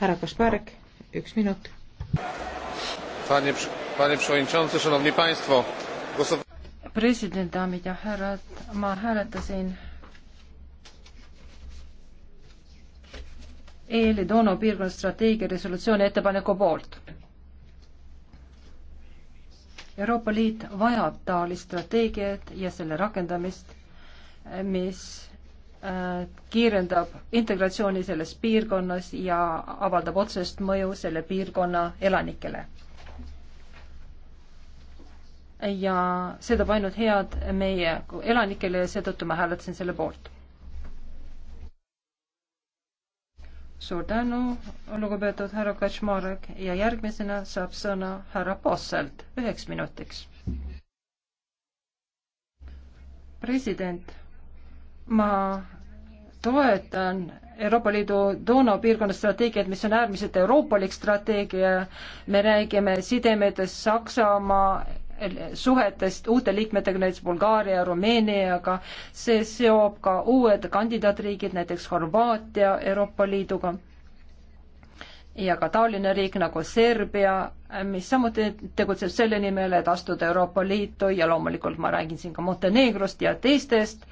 härra Kasparek, üks minut. president, daamid ja härrad, ma hääletasin EL-i Donau piirkonna strateegia resolutsiooni ettepaneku poolt. Euroopa Liit vajab taolist strateegiat ja selle rakendamist, mis Äh, kiirendab integratsiooni selles piirkonnas ja avaldab otsest mõju selle piirkonna elanikele. ja see teeb ainult head meie elanikele ja seetõttu ma hääletasin selle poolt. suur tänu, lugupeetud härra Kaczmarek ja järgmisena saab sõna härra Posselt üheks minutiks. president ma toetan Euroopa Liidu Donau piirkonna strateegiat, mis on äärmiselt euroopalik strateegia. me räägime sidemetest Saksamaa, suhetest uute liikmetega, näiteks Bulgaaria, Rumeeniaga. see seob ka uued kandidaatriigid, näiteks Horvaatia Euroopa Liiduga ja ka taoline riik nagu Serbia, mis samuti tegutseb selle nimel, et astuda Euroopa Liitu ja loomulikult ma räägin siin ka Montenegrost ja teistest äh,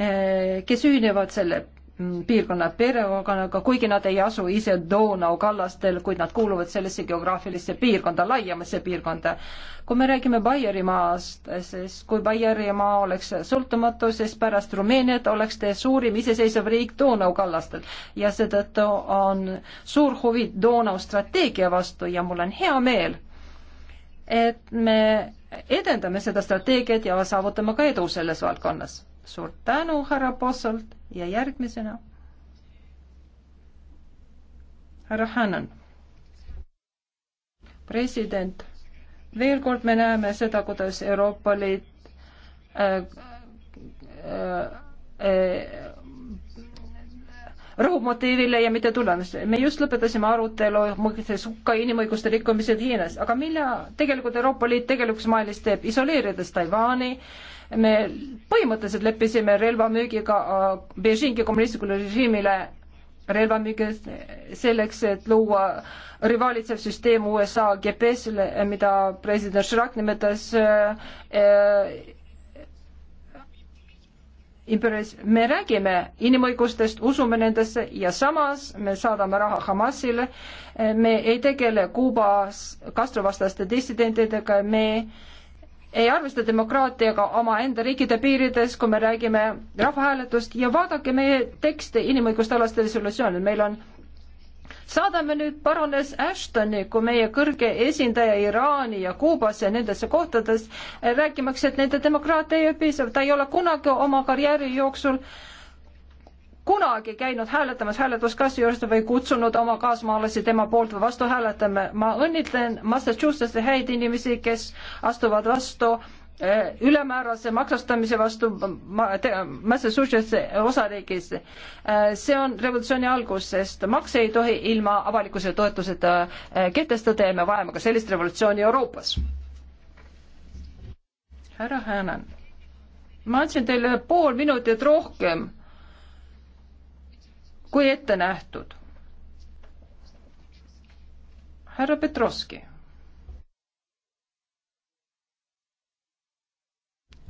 Eh, kes ühinevad selle piirkonna perekonnaga, kuigi nad ei asu ise Donau kallastel, kuid nad kuuluvad sellesse geograafilisse piirkonda, laiemasse piirkonda. kui me räägime Baierimaast, siis kui Baierimaa oleks sõltumatu, siis pärast Rumeeniat oleks ta suurim iseseisev riik Donau kallastel ja seetõttu on suur huvi Donau strateegia vastu ja mul on hea meel, et me edendame seda strateegiat ja saavutame ka edu selles valdkonnas suur tänu, härra Posselt ja järgmisena härra Hannan. president, veel kord me näeme seda, kuidas Euroopa Liit äh, äh, äh, rahumotiivile ja mitte tulemusele. me just lõpetasime arutelu mõistes hukka inimõiguste rikkumised Hiinas, aga mille tegelikult Euroopa Liit tegelikult maailmas teeb, isoleerides Taiwan'i, me põhimõtteliselt leppisime relvamüügiga Beijingi kommunistlikule režiimile relvamüügi selleks, et luua rivaalitsev süsteem USA GPS-le, mida president Chirac nimetas äh, me räägime inimõigustest, usume nendesse ja samas me saadame raha Hamasile, me ei tegele Kuubas kastruvastaste dissidentidega, me ei arvesta demokraatiaga omaenda riikide piirides, kui me räägime rahvahääletust ja vaadake meie tekste inimõiguste alastel resolutsioonil, meil on saadame nüüd parunes Ashtoni kui meie kõrge esindaja Iraani ja Kuubasse ja nendesse kohtades, eh, rääkimaks, et nende demokraatia ei ole piisav, ta ei ole kunagi oma karjääri jooksul kunagi käinud hääletamas hääletuskassi juures või kutsunud oma kaasmaalasi tema poolt või vastu hääletama. ma õnnitlen Massachusettsi häid inimesi, kes astuvad vastu äh, Äh, ülemäärase maksustamise vastu Massachusetts osariigis. Äh, see on revolutsiooni algus, sest makse ei tohi ilma avalikkuse toetuseta äh, kehtestada ja me vajame ka sellist revolutsiooni Euroopas. härra Häänan, ma andsin teile pool minutit rohkem kui ette nähtud. härra Petrovski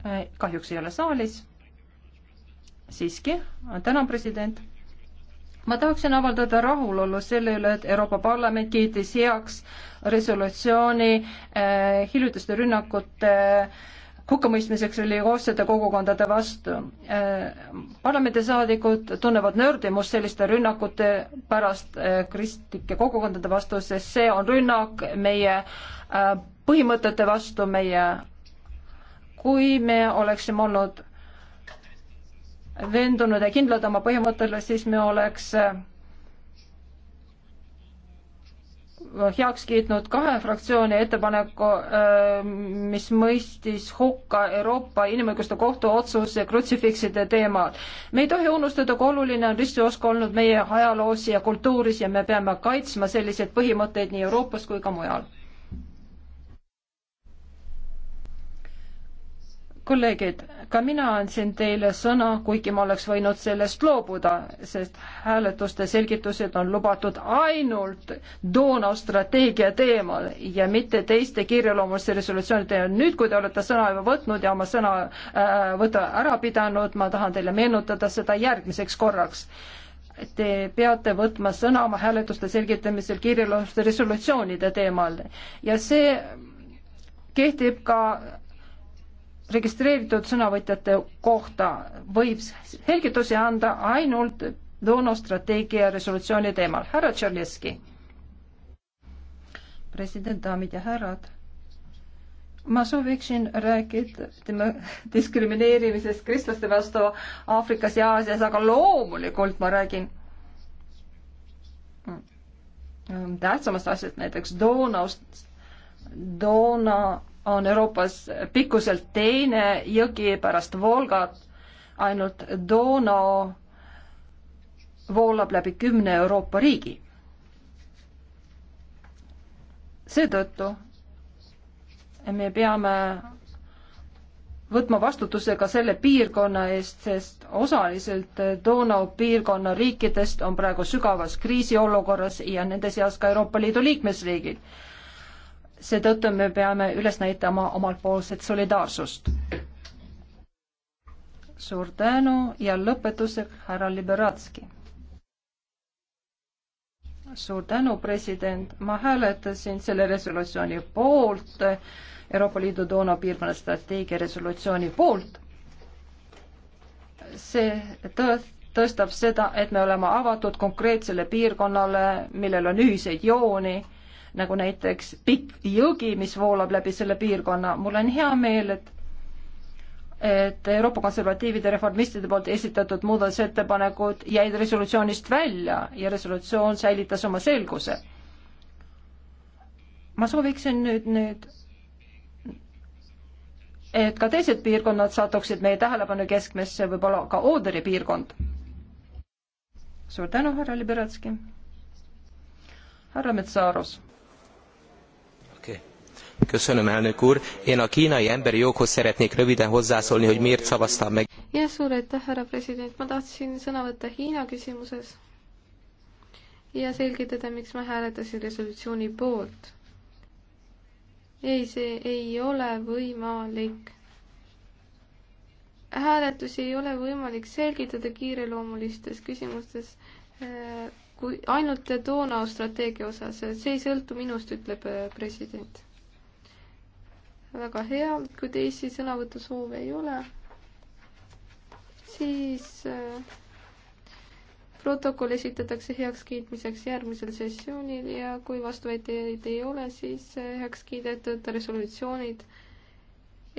Äh, kahjuks ei ole saalis. siiski, tänan, president. ma tahaksin avaldada rahulolu selle üle, et Euroopa Parlament kiitis heaks resolutsiooni äh, hiljutiste rünnakute äh, hukkamõistmiseks oli koostööde kogukondade vastu. Äh, parlamendisaadikud tunnevad nördimust selliste rünnakute pärast äh, kristlike kogukondade vastu, sest see on rünnak meie põhimõtete vastu, meie kui me oleksime olnud veendunud ja kindlad oma põhimõttele, siis me oleks äh, heaks kiitnud kahe fraktsiooni ettepaneku, äh, mis mõistis hukka Euroopa Inimõiguste Kohtu otsuse krutsifikside teemal. me ei tohi unustada, kui oluline on ristiusk olnud meie ajaloos ja kultuuris ja me peame kaitsma selliseid põhimõtteid nii Euroopas kui ka mujal kolleegid, ka mina andsin teile sõna, kuigi ma oleks võinud sellest loobuda, sest hääletuste selgitused on lubatud ainult Donau strateegia teemal ja mitte teiste kiireloomuliste resolutsioonide teemal. nüüd, kui te olete sõna juba võtnud ja oma sõna äh, võtta ära pidanud, ma tahan teile meenutada seda järgmiseks korraks. Te peate võtma sõna oma hääletuste selgitamisel kiireloomuliste resolutsioonide teemal ja see kehtib ka registreeritud sõnavõtjate kohta võib selgitusi anda ainult Lõuna strateegia resolutsiooni teemal. härra Tšerneski. president, daamid ja härrad. ma sooviksin rääkida tema diskrimineerimisest kristlaste vastu Aafrikas ja Aasias, aga loomulikult ma räägin tähtsamast asjast, näiteks Donaust, Dona on Euroopas pikkuselt teine jõgi pärast Volgat, ainult Donau voolab läbi kümne Euroopa riigi. seetõttu me peame võtma vastutuse ka selle piirkonna eest, sest osaliselt Donau piirkonna riikidest on praegu sügavas kriisiolukorras ja nende seas ka Euroopa Liidu liikmesriigid seetõttu me peame üles näitama omalpoolset solidaarsust. suur tänu ja lõpetuseks härra Liberatski. suur tänu, president, ma hääletasin selle resolutsiooni poolt, Euroopa Liidu toona piirkonna strateegia resolutsiooni poolt. see tõest-, tõstab seda, et me oleme avatud konkreetsele piirkonnale, millel on ühiseid jooni nagu näiteks pikk jõgi, mis voolab läbi selle piirkonna. mul on hea meel, et et Euroopa konservatiivide reformistide poolt esitatud muudatusettepanekud jäid resolutsioonist välja ja resolutsioon säilitas oma selguse. ma sooviksin nüüd, nüüd et ka teised piirkonnad satuksid meie tähelepanu keskmesse, võib-olla ka Ooderi piirkond. suur tänu, härra Liberatski. härra Metsaarus én a kínai emberi joghoz szeretnék röviden hozzászólni, hogy miért szavaztam meg. Ja, suur aitäh, härra president, ma tahtsin sõna võtta Hiina küsimuses ja selgitada, miks ma hääletasin resolutsiooni poolt. ei, see ei ole võimalik. hääletusi ei ole võimalik selgitada kiireloomulistes küsimustes eh, kui ainult toona strateegia osas, see ei sõltu minust, ütleb eh, president väga hea, kui teisi sõnavõtusoove ei ole, siis äh, protokoll esitatakse heakskiitmiseks järgmisel sessioonil ja kui vastuväiteid ei ole, siis äh, heaks kiidetud resolutsioonid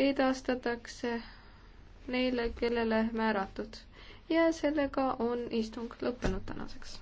edastatakse neile, kellele määratud. ja sellega on istung lõppenud tänaseks.